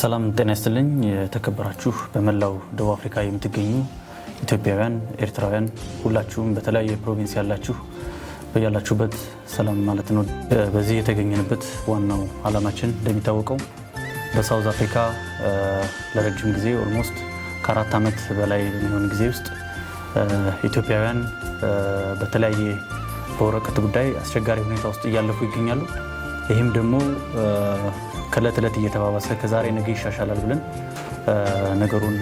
ሰላም ጤና ይስጥልኝ። የተከበራችሁ በመላው ደቡብ አፍሪካ የምትገኙ ኢትዮጵያውያን፣ ኤርትራውያን ሁላችሁም በተለያየ ፕሮቪንስ ያላችሁ በያላችሁበት ሰላም ማለት ነው። በዚህ የተገኘንበት ዋናው ዓላማችን እንደሚታወቀው በሳውዝ አፍሪካ ለረጅም ጊዜ ኦልሞስት ከአራት ዓመት በላይ በሚሆን ጊዜ ውስጥ ኢትዮጵያውያን በተለያየ በወረቀት ጉዳይ አስቸጋሪ ሁኔታ ውስጥ እያለፉ ይገኛሉ። ይህም ደግሞ ከእለት እለት እየተባባሰ ከዛሬ ነገ ይሻሻላል ብለን ነገሩን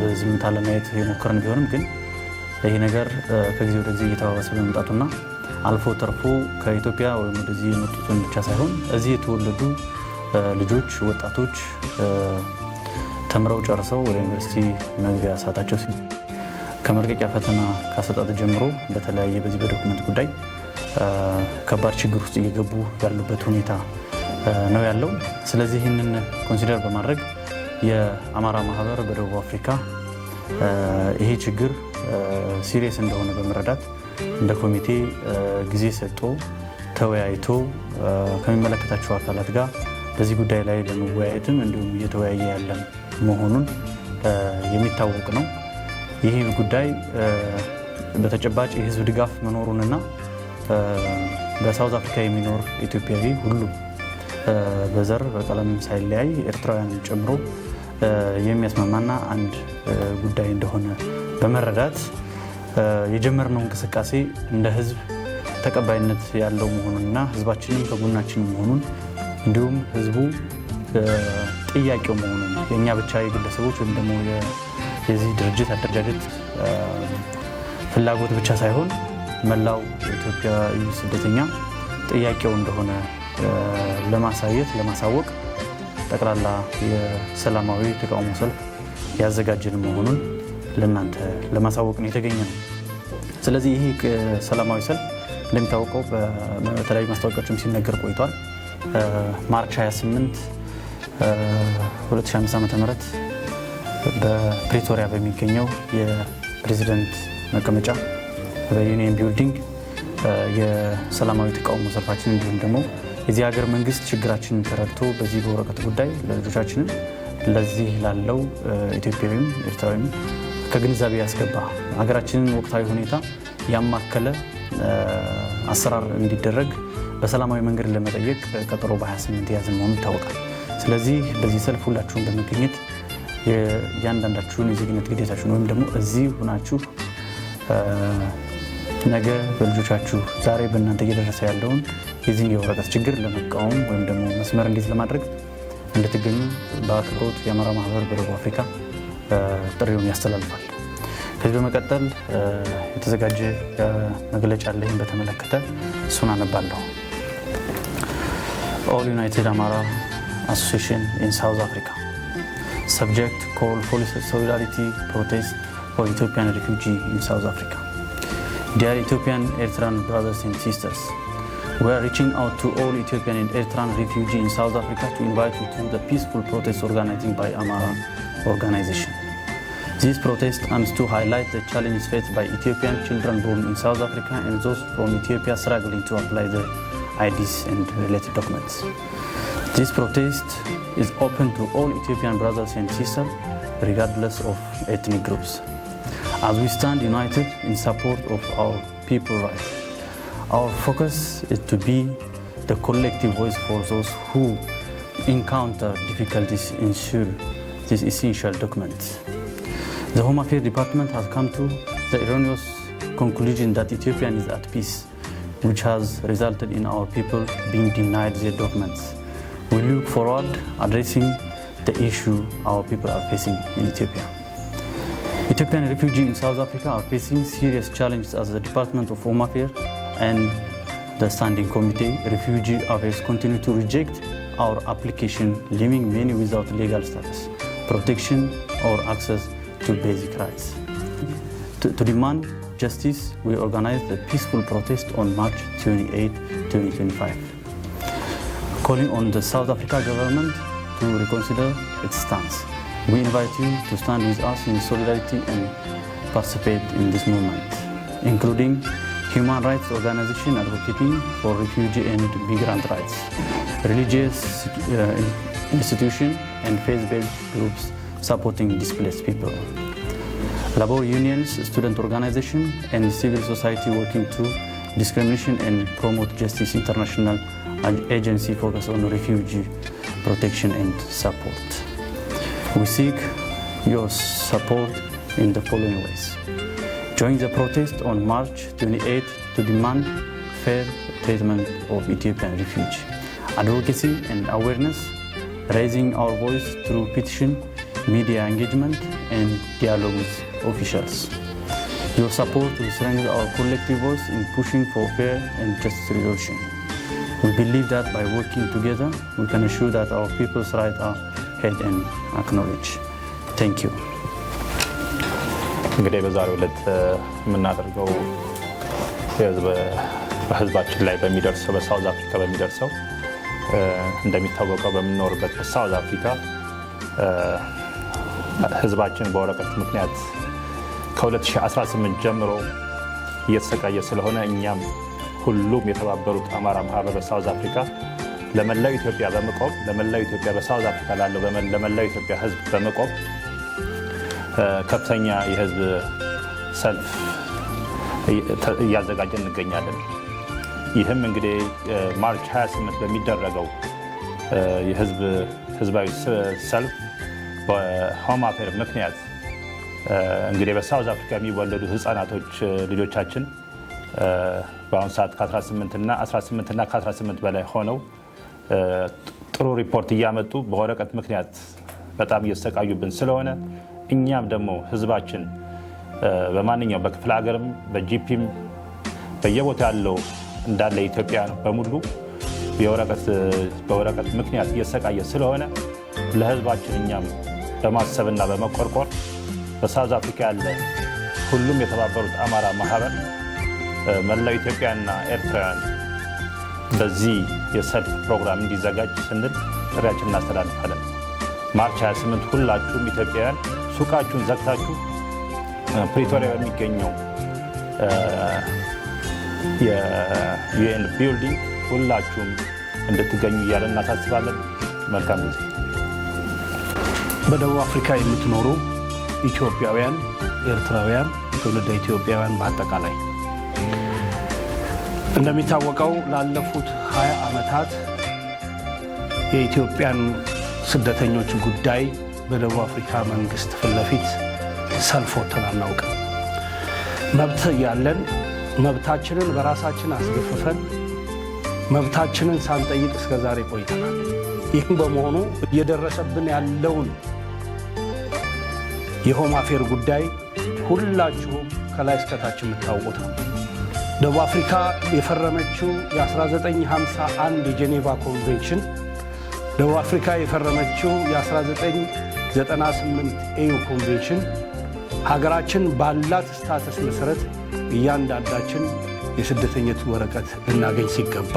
በዝምታ ለማየት የሞከርን ቢሆንም ግን ይህ ነገር ከጊዜ ወደ ጊዜ እየተባባሰ በመምጣቱና አልፎ ተርፎ ከኢትዮጵያ ወይም ወደዚህ የመጡትን ብቻ ሳይሆን እዚህ የተወለዱ ልጆች፣ ወጣቶች ተምረው ጨርሰው ወደ ዩኒቨርሲቲ መግቢያ ሰዓታቸው ሲ ከመልቀቂያ ፈተና ካሰጣት ጀምሮ በተለያየ በዚህ በዶክመንት ጉዳይ ከባድ ችግር ውስጥ እየገቡ ያሉበት ሁኔታ ነው ያለው። ስለዚህ ይህንን ኮንሲደር በማድረግ የአማራ ማህበር በደቡብ አፍሪካ ይሄ ችግር ሲሪየስ እንደሆነ በመረዳት እንደ ኮሚቴ ጊዜ ሰጥቶ ተወያይቶ ከሚመለከታቸው አካላት ጋር በዚህ ጉዳይ ላይ ለመወያየትም እንዲሁም እየተወያየ ያለ መሆኑን የሚታወቅ ነው። ይህ ጉዳይ በተጨባጭ የህዝብ ድጋፍ መኖሩንና በሳውዝ አፍሪካ የሚኖር ኢትዮጵያዊ ሁሉም በዘር በቀለም ሳይለያይ ኤርትራውያንን ጨምሮ የሚያስማማና አንድ ጉዳይ እንደሆነ በመረዳት የጀመርነው እንቅስቃሴ እንደ ህዝብ ተቀባይነት ያለው መሆኑንና ህዝባችንም ከጎናችን መሆኑን እንዲሁም ህዝቡ ጥያቄው መሆኑን የእኛ ብቻ የግለሰቦች ወይም ደግሞ የዚህ ድርጅት አደረጃጀት ፍላጎት ብቻ ሳይሆን መላው ኢትዮጵያዊ ስደተኛ ጥያቄው እንደሆነ ለማሳየት ለማሳወቅ ጠቅላላ የሰላማዊ ተቃውሞ ሰልፍ ያዘጋጀን መሆኑን ለእናንተ ለማሳወቅ ነው የተገኘ ነው። ስለዚህ ይህ ሰላማዊ ሰልፍ እንደሚታወቀው በተለያዩ ማስታወቂያዎችም ሲነገር ቆይቷል። ማርች 28 2005 ዓ ም በፕሪቶሪያ በሚገኘው የፕሬዚደንት መቀመጫ በዩኒየን ቢልዲንግ የሰላማዊ ተቃውሞ ሰልፋችን እንዲሁም ደግሞ የዚህ ሀገር መንግስት ችግራችንን ተረድቶ በዚህ በወረቀት ጉዳይ ለልጆቻችንም ለዚህ ላለው ኢትዮጵያዊም ኤርትራዊም ከግንዛቤ ያስገባ ሀገራችንን ወቅታዊ ሁኔታ ያማከለ አሰራር እንዲደረግ በሰላማዊ መንገድ ለመጠየቅ ቀጠሮ በ28 የያዝን መሆኑ ይታወቃል። ስለዚህ በዚህ ሰልፍ ሁላችሁን በመገኘት የእያንዳንዳችሁን የዜግነት ግዴታችሁን ወይም ደግሞ እዚህ ሁናችሁ ነገ በልጆቻችሁ ዛሬ በእናንተ እየደረሰ ያለውን የዚህን የወረቀት ችግር ለመቃወም ወይም ደግሞ መስመር እንዴት ለማድረግ እንድትገኙ በአክብሮት የአማራ ማህበር በደቡብ አፍሪካ ጥሪውን ያስተላልፋል። ከዚህ በመቀጠል የተዘጋጀ መግለጫ አለኝ በተመለከተ እሱን አነባለሁ። ኦል ዩናይትድ አማራ አሶሲሽን ኢን ሳውዝ አፍሪካ ሰብጀክት ኮል ፎር ሶሊዳሪቲ ፕሮቴስት ፎር ኢትዮጵያን ሪፊውጂ ኢን ሳውዝ አፍሪካ ዲያር ኢትዮጵያን ኤርትራን ብራዘርስ ኤንድ ሲስተርስ We are reaching out to all Ethiopian and Eritrean refugees in South Africa to invite you to the peaceful protest organized by Amaran organization. This protest aims to highlight the challenges faced by Ethiopian children born in South Africa and those from Ethiopia struggling to apply their IDs and related documents. This protest is open to all Ethiopian brothers and sisters, regardless of ethnic groups, as we stand united in support of our people's rights. Our focus is to be the collective voice for those who encounter difficulties in ensure these essential documents. The Home Affairs Department has come to the erroneous conclusion that Ethiopia is at peace, which has resulted in our people being denied their documents. We look forward addressing the issue our people are facing in Ethiopia. Ethiopian refugees in South Africa are facing serious challenges as the Department of Home Affairs and the Standing Committee Refugee Affairs continue to reject our application, leaving many without legal status, protection, or access to basic rights. To, to demand justice, we organized a peaceful protest on March 28, 2025, calling on the South Africa government to reconsider its stance. We invite you to stand with us in solidarity and participate in this movement, including human rights organization advocating for refugee and migrant rights, religious uh, institution and faith-based groups supporting displaced people, labor unions, student organization, and civil society working to discrimination and promote justice international agency focus on refugee protection and support. We seek your support in the following ways. Join the protest on March 28 to demand fair treatment of Ethiopian refugees. Advocacy and awareness, raising our voice through petition, media engagement, and dialogue with officials. Your support will strengthen our collective voice in pushing for fair and just resolution. We believe that by working together, we can ensure that our people's rights are heard and acknowledged. Thank you. እንግዲህ በዛሬው ዕለት የምናደርገው በህዝባችን ላይ በሚደርሰው በሳውዝ አፍሪካ በሚደርሰው እንደሚታወቀው በምንኖርበት በሳውዝ አፍሪካ ህዝባችን በወረቀት ምክንያት ከ2018 ጀምሮ እየተሰቃየ ስለሆነ እኛም ሁሉም የተባበሩት አማራ ማህበር በሳውዝ አፍሪካ ለመላው ኢትዮጵያ በመቆም ለመላው ኢትዮጵያ በሳውዝ አፍሪካ ላለው ለመላው ኢትዮጵያ ህዝብ በመቆም ከፍተኛ የህዝብ ሰልፍ እያዘጋጀን እንገኛለን። ይህም እንግዲህ ማርች 28 በሚደረገው የህዝብ ህዝባዊ ሰልፍ በሆም አፌር ምክንያት እንግዲህ በሳውዝ አፍሪካ የሚወለዱ ህፃናቶች ልጆቻችን በአሁኑ ሰዓት ከ18 እና 18 ከ18 በላይ ሆነው ጥሩ ሪፖርት እያመጡ በወረቀት ምክንያት በጣም እየተሰቃዩብን ስለሆነ እኛም ደግሞ ህዝባችን በማንኛውም በክፍለ ሀገርም በጂፒም በየቦታ ያለው እንዳለ ኢትዮጵያ በሙሉ በወረቀት ምክንያት እየሰቃየ ስለሆነ ለህዝባችን እኛም በማሰብና በመቆርቆር በሳውዝ አፍሪካ ያለ ሁሉም የተባበሩት አማራ ማህበር መላው ኢትዮጵያና ኤርትራውያን በዚህ የሰልፍ ፕሮግራም እንዲዘጋጅ ስንል ጥሪያችን እናስተላልፋለን። ማርች 28 ሁላችሁም ኢትዮጵያውያን ሱቃችሁን ዘግታችሁ ፕሪቶሪያ በሚገኘው የዩኤን ቢልዲንግ ሁላችሁም እንድትገኙ እያለ እናሳስባለን። መልካም ጊዜ። በደቡብ አፍሪካ የምትኖሩ ኢትዮጵያውያን፣ ኤርትራውያን፣ ትውልደ ኢትዮጵያውያን በአጠቃላይ እንደሚታወቀው ላለፉት 20 ዓመታት የኢትዮጵያን ስደተኞች ጉዳይ በደቡብ አፍሪካ መንግስት ፊት ለፊት ሰልፍ ወጥተን አናውቅም። መብት ያለን መብታችንን በራሳችን አስገፍፈን መብታችንን ሳንጠይቅ እስከ ዛሬ ቆይተናል። ይህም በመሆኑ እየደረሰብን ያለውን የሆም አፌር ጉዳይ ሁላችሁም ከላይ እስከታች የምታውቁት ነው። ደቡብ አፍሪካ የፈረመችው የ1951 የጄኔቫ ኮንቬንሽን፣ ደቡብ አፍሪካ የፈረመችው የ19 98 ኤዩ ኮንቬንሽን ሀገራችን ባላት ስታተስ መሰረት እያንዳንዳችን የስደተኝነት ወረቀት ልናገኝ ሲገባ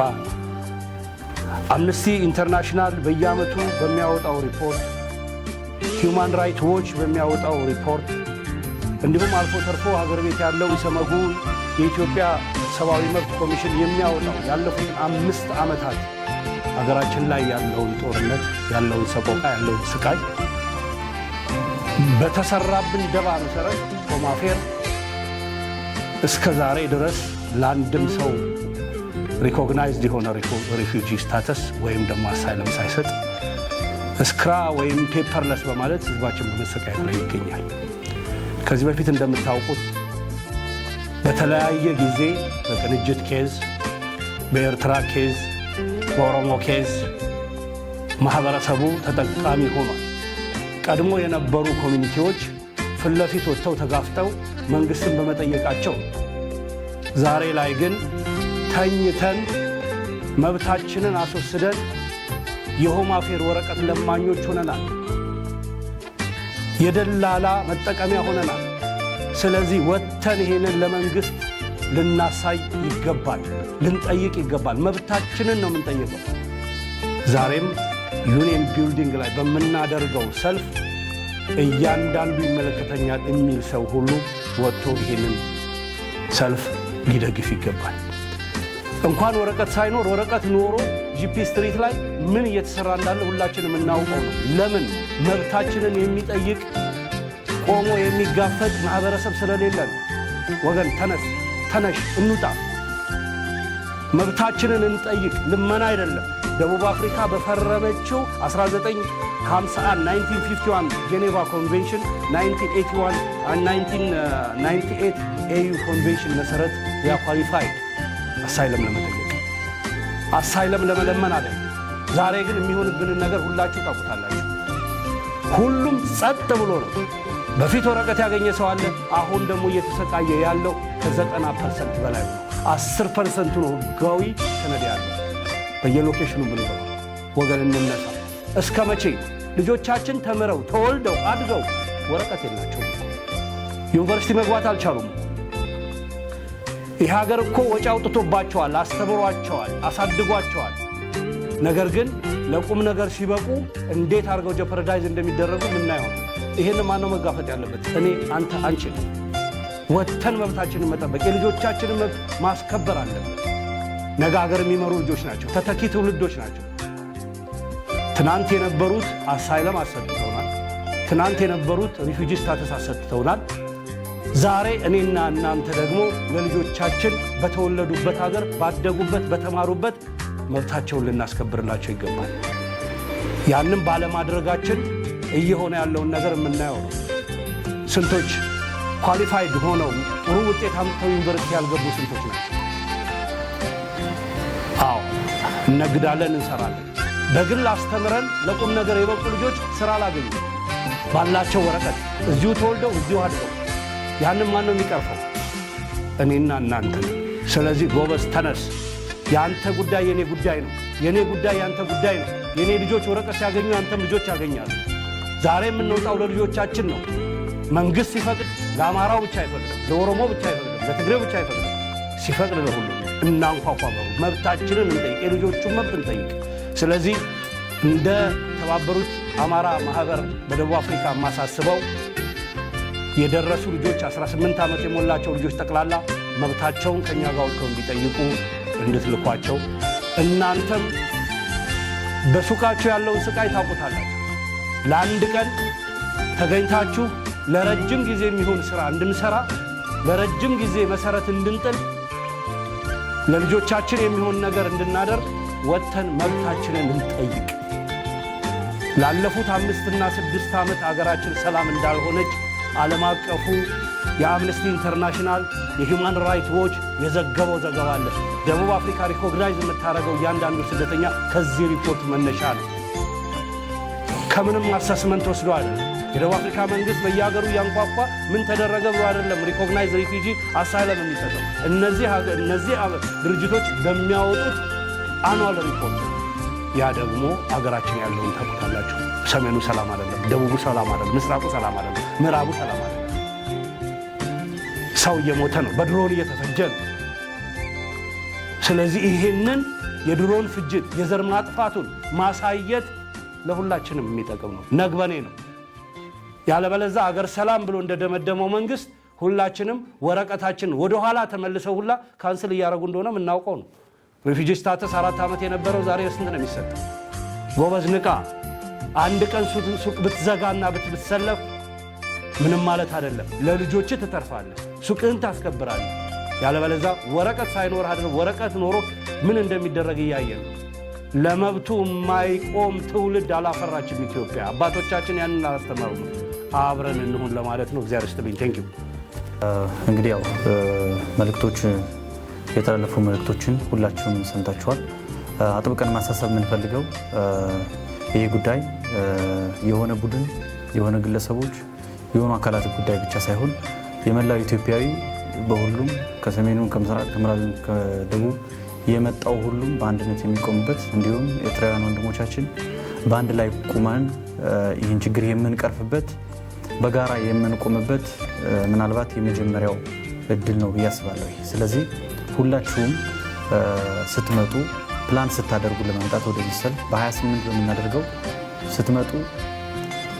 አምነስቲ ኢንተርናሽናል በየዓመቱ በሚያወጣው ሪፖርት፣ ሂውማን ራይት ዎች በሚያወጣው ሪፖርት እንዲሁም አልፎ ተርፎ ሀገር ቤት ያለው ኢሰመጉ የኢትዮጵያ ሰብአዊ መብት ኮሚሽን የሚያወጣው ያለፉት አምስት ዓመታት ሀገራችን ላይ ያለውን ጦርነት፣ ያለውን ሰቆቃ፣ ያለውን ስቃይ በተሰራብን ደባ መሰረት ኮማፌር እስከ ዛሬ ድረስ ለአንድም ሰው ሪኮግናይዝድ የሆነ ሪፊጂ ስታተስ ወይም ደግሞ አሳይለም ሳይሰጥ እስክራ ወይም ፔፐርለስ በማለት ህዝባችን በመሰቃየት ላይ ይገኛል። ከዚህ በፊት እንደምታውቁት በተለያየ ጊዜ በቅንጅት ኬዝ፣ በኤርትራ ኬዝ፣ በኦሮሞ ኬዝ ማህበረሰቡ ተጠቃሚ ሆኗል። ቀድሞ የነበሩ ኮሚኒቲዎች ፊት ለፊት ወጥተው ተጋፍጠው መንግስትን በመጠየቃቸው ዛሬ ላይ ግን ተኝተን መብታችንን አስወስደን የሆም አፌር ወረቀት ለማኞች ሆነናል። የደላላ መጠቀሚያ ሆነናል። ስለዚህ ወጥተን ይሄንን ለመንግስት ልናሳይ ይገባል፣ ልንጠይቅ ይገባል። መብታችንን ነው የምንጠይቀው ዛሬም ዩኒየን ቢልዲንግ ላይ በምናደርገው ሰልፍ እያንዳንዱ ይመለከተኛል የሚል ሰው ሁሉ ወጥቶ ይህንን ሰልፍ ሊደግፍ ይገባል። እንኳን ወረቀት ሳይኖር ወረቀት ኖሮ ጂፒ ስትሪት ላይ ምን እየተሰራ እንዳለ ሁላችን የምናውቀው ነው። ለምን መብታችንን የሚጠይቅ ቆሞ የሚጋፈጥ ማህበረሰብ ስለሌለን፣ ወገን ተነስ፣ ተነሽ፣ እንውጣ፣ መብታችንን እንጠይቅ። ልመና አይደለም። ደቡብ አፍሪካ በፈረመችው 1951 ጄኔቫ ኮንቬንሽን 1981 ኤዩ ኮንቬንሽን መሰረት ያኳሊፋይድ አሳይለም ለመጠየቅ አሳይለም ለመለመን አለ። ዛሬ ግን የሚሆንብንን ነገር ሁላችሁ ታውቁታላችሁ። ሁሉም ጸጥ ብሎ ነው። በፊት ወረቀት ያገኘ ሰው አለ። አሁን ደግሞ እየተሰቃየ ያለው ከ ከዘጠና ፐርሰንት በላይ ነው። አስር ፐርሰንቱ ነው ህጋዊ ሰነድ በየሎኬሽኑ ብንገባ ወገን እንነሳ። እስከ መቼ ልጆቻችን ተምረው ተወልደው አድገው ወረቀት የላቸው ዩኒቨርሲቲ መግባት አልቻሉም። ይህ ሀገር እኮ ወጪ አውጥቶባቸዋል፣ አስተምሯቸዋል፣ አሳድጓቸዋል። ነገር ግን ለቁም ነገር ሲበቁ እንዴት አድርገው ጀፐረዳይዝ እንደሚደረጉ ምናየው። ይህን ማነው መጋፈጥ ያለበት? እኔ፣ አንተ፣ አንቺ። ወጥተን መብታችንን መጠበቅ የልጆቻችንን መብት ማስከበር አለበት። ነገ ሀገር የሚመሩ ልጆች ናቸው፣ ተተኪ ትውልዶች ናቸው። ትናንት የነበሩት አሳይለም አሰጥተውናል። ትናንት የነበሩት ሪፊጂ ስታተስ አሰጥተውናል። ዛሬ እኔና እናንተ ደግሞ ለልጆቻችን በተወለዱበት ሀገር ባደጉበት፣ በተማሩበት መብታቸውን ልናስከብርላቸው ይገባል። ያንም ባለማድረጋችን እየሆነ ያለውን ነገር የምናየው ነው። ስንቶች ኳሊፋይድ ሆነው ጥሩ ውጤት አምጥተው ዩኒቨርሲቲ ያልገቡ ስንቶች ናቸው። አዎ እነግዳለን፣ እንሰራለን። በግል አስተምረን ለቁም ነገር የበቁ ልጆች ስራ ላገኙ ባላቸው ወረቀት እዚሁ ተወልደው እዚሁ አድገው ያንም ማን ነው የሚቀርፈው? እኔና እናንተ። ስለዚህ ጎበዝ ተነስ። የአንተ ጉዳይ የኔ ጉዳይ ነው። የኔ ጉዳይ የአንተ ጉዳይ ነው። የእኔ ልጆች ወረቀት ሲያገኙ አንተም ልጆች ያገኛሉ። ዛሬ የምንወጣው ለልጆቻችን ነው። መንግስት ሲፈቅድ ለአማራው ብቻ አይፈቅድም፣ ለኦሮሞ ብቻ አይፈቅድም፣ ለትግሬው ብቻ አይፈቅድም። ሲፈቅድ ለሁሉም እናንኳኳበሩ፣ መብታችንን እንጠይቅ፣ የልጆቹን መብት እንጠይቅ። ስለዚህ እንደ ተባበሩት አማራ ማህበር በደቡብ አፍሪካ የማሳስበው የደረሱ ልጆች 18 ዓመት የሞላቸው ልጆች ጠቅላላ መብታቸውን ከእኛ ጋር ወጥተው እንዲጠይቁ እንድትልኳቸው እናንተም በሱቃችሁ ያለውን ስቃይ ታውቁታላችሁ። ለአንድ ቀን ተገኝታችሁ ለረጅም ጊዜ የሚሆን ስራ እንድንሰራ ለረጅም ጊዜ መሰረት እንድንጥል ለልጆቻችን የሚሆን ነገር እንድናደርግ ወጥተን መብታችንን እንጠይቅ። ላለፉት አምስትና ስድስት ዓመት አገራችን ሰላም እንዳልሆነች ዓለም አቀፉ የአምነስቲ ኢንተርናሽናል የሂውማን ራይት ዎች የዘገበው ዘገባ አለ። ደቡብ አፍሪካ ሪኮግናይዝ የምታደርገው እያንዳንዱ ስደተኛ ከዚህ ሪፖርት መነሻ ነው። ከምንም አሰስመንት ወስዷል። የደቡብ አፍሪካ መንግስት በየሀገሩ እያንኳኳ ምን ተደረገ ብሎ አይደለም ሪኮግናይዝ ሪፊጂ አሳይለም የሚሰጠው። እነዚህ ድርጅቶች በሚያወጡት አኗል ሪፖርት ያ ደግሞ አገራችን ያለውን ታውቁታላችሁ። ሰሜኑ ሰላም አይደለም፣ ደቡቡ ሰላም አይደለም፣ ምስራቁ ሰላም አይደለም፣ ምዕራቡ ሰላም አይደለም። ሰው እየሞተ ነው፣ በድሮን እየተፈጀ ነው። ስለዚህ ይሄንን የድሮን ፍጅት የዘር ማጥፋቱን ማሳየት ለሁላችንም የሚጠቅም ነው። ነግበኔ ነው። ያለበለዛ አገር ሰላም ብሎ እንደደመደመው መንግስት ሁላችንም ወረቀታችን ወደኋላ ተመልሰው ሁላ ካንስል እያደረጉ እንደሆነ የምናውቀው ነው። ሪፊጂ ስታተስ አራት ዓመት የነበረው ዛሬ ስንት ነው የሚሰጥ? ጎበዝ ንቃ። አንድ ቀን ሱቅ ብትዘጋና ብትሰለፍ ምንም ማለት አይደለም። ለልጆች ትተርፋለህ፣ ሱቅህን ታስከብራለህ። ያለበለዛ ወረቀት ሳይኖር አይደለም ወረቀት ኖሮ ምን እንደሚደረግ እያየ ነው። ለመብቱ የማይቆም ትውልድ አላፈራችም ኢትዮጵያ። አባቶቻችን ያንን አላስተማሩም። አብረን እንሁን ለማለት ነው። እግዚአብሔር ይስጥልኝ። ቴንክ ዩ። እንግዲህ ያው መልእክቶች የተላለፉ መልእክቶችን ሁላችሁም ሰምታችኋል። አጥብቀን ማሳሰብ የምንፈልገው ይህ ጉዳይ የሆነ ቡድን፣ የሆነ ግለሰቦች፣ የሆኑ አካላት ጉዳይ ብቻ ሳይሆን የመላው ኢትዮጵያዊ በሁሉም ከሰሜኑ፣ ከምስራቅ፣ ከምዕራብ፣ ከደቡብ የመጣው ሁሉም በአንድነት የሚቆምበት እንዲሁም ኤርትራውያን ወንድሞቻችን በአንድ ላይ ቁመን ይህን ችግር የምንቀርፍበት በጋራ የምንቆምበት ምናልባት የመጀመሪያው እድል ነው ብዬ አስባለሁ። ስለዚህ ሁላችሁም ስትመጡ ፕላን ስታደርጉ ለመምጣት ወደዚህ ሰልፍ በ28 በምናደርገው ስትመጡ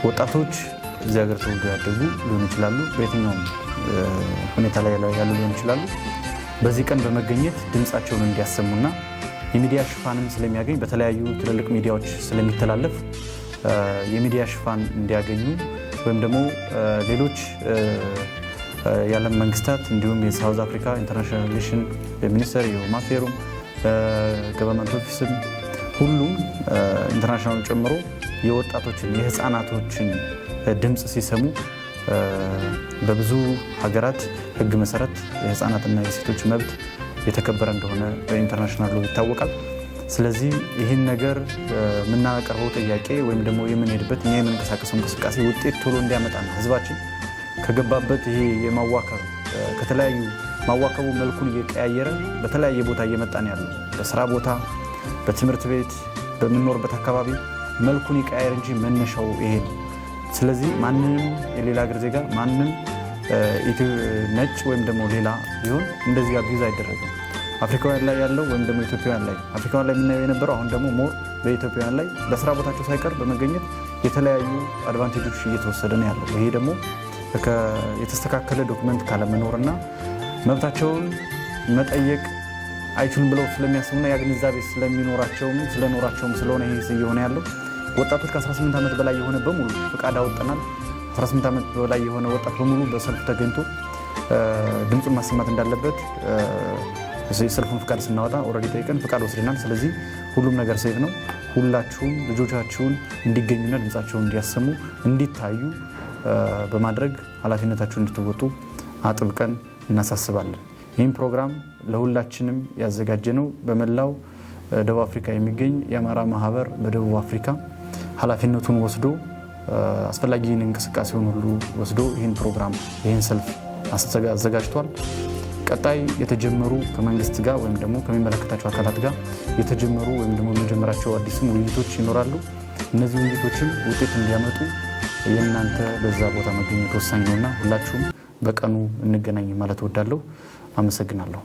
ወጣቶች እዚህ ሀገር ያደጉ ሊሆን ይችላሉ። በየትኛውም ሁኔታ ላይ ያሉ ሊሆን ይችላሉ። በዚህ ቀን በመገኘት ድምፃቸውን እንዲያሰሙና የሚዲያ ሽፋንም ስለሚያገኝ በተለያዩ ትልልቅ ሚዲያዎች ስለሚተላለፍ የሚዲያ ሽፋን እንዲያገኙ ወይም ደግሞ ሌሎች የዓለም መንግስታት እንዲሁም የሳውዝ አፍሪካ ኢንተርናሽናል ሪሌሽን ሚኒስተር የሆም ገቨርንመንት ኦፊስም ሁሉም ኢንተርናሽናሉን ጨምሮ የወጣቶችን የህፃናቶችን ድምፅ ሲሰሙ በብዙ ሀገራት ህግ መሰረት የህፃናትና የሴቶች መብት የተከበረ እንደሆነ በኢንተርናሽናሉ ይታወቃል። ስለዚህ ይህን ነገር የምናቀርበው ጥያቄ ወይም ደግሞ የምንሄድበት እኛ የምንቀሳቀሰው እንቅስቃሴ ውጤት ቶሎ እንዲያመጣ ነው። ህዝባችን ከገባበት ይሄ የማዋከብ ከተለያዩ ማዋከቡ መልኩን እየቀያየረ በተለያየ ቦታ እየመጣ ነው ያለው። በስራ ቦታ፣ በትምህርት ቤት፣ በምንኖርበት አካባቢ መልኩን ይቀያየር እንጂ መነሻው ይሄ ነው። ስለዚህ ማንንም የሌላ ሀገር ዜጋ ማንም ነጭ ወይም ደግሞ ሌላ ቢሆን እንደዚህ ጋር አይደረግም። አፍሪካውያን ላይ ያለው ወይም ደግሞ ኢትዮጵያውያን ላይ አፍሪካውያን ላይ የምናየው የነበረው አሁን ደግሞ ሞር በኢትዮጵያውያን ላይ በስራ ቦታቸው ሳይቀር በመገኘት የተለያዩ አድቫንቴጆች እየተወሰደ ነው ያለው። ይሄ ደግሞ የተስተካከለ ዶክመንት ካለመኖርና መብታቸውን መጠየቅ አይችሉም ብለው ስለሚያስቡና ያ ግንዛቤ ስለሚኖራቸውም ስለኖራቸውም ስለሆነ ይህ እየሆነ ያለው ወጣቶች ከ18 ዓመት በላይ የሆነ በሙሉ ፍቃድ አወጠናል። 18 ዓመት በላይ የሆነ ወጣት በሙሉ በሰልፍ ተገኝቶ ድምፁን ማሰማት እንዳለበት የሰልፉን ፍቃድ ስናወጣ ኦልሬዲ ጠይቀን ፍቃድ ወስደናል። ስለዚህ ሁሉም ነገር ሴፍ ነው። ሁላችሁም ልጆቻችሁን እንዲገኙና ድምፃቸውን እንዲያሰሙ እንዲታዩ በማድረግ ኃላፊነታችሁን እንድትወጡ አጥብቀን እናሳስባለን። ይህም ፕሮግራም ለሁላችንም ያዘጋጀ ነው። በመላው ደቡብ አፍሪካ የሚገኝ የአማራ ማህበር በደቡብ አፍሪካ ኃላፊነቱን ወስዶ አስፈላጊ እንቅስቃሴውን ሁሉ ወስዶ ይህን ፕሮግራም ይህን ሰልፍ አዘጋጅቷል። ቀጣይ የተጀመሩ ከመንግስት ጋር ወይም ደግሞ ከሚመለከታቸው አካላት ጋር የተጀመሩ ወይም ደግሞ የመጀመራቸው አዲስም ውይይቶች ይኖራሉ። እነዚህ ውይይቶችም ውጤት እንዲያመጡ የእናንተ በዛ ቦታ መገኘት ወሳኝ ነውና ሁላችሁም በቀኑ እንገናኝ ማለት እወዳለሁ። አመሰግናለሁ።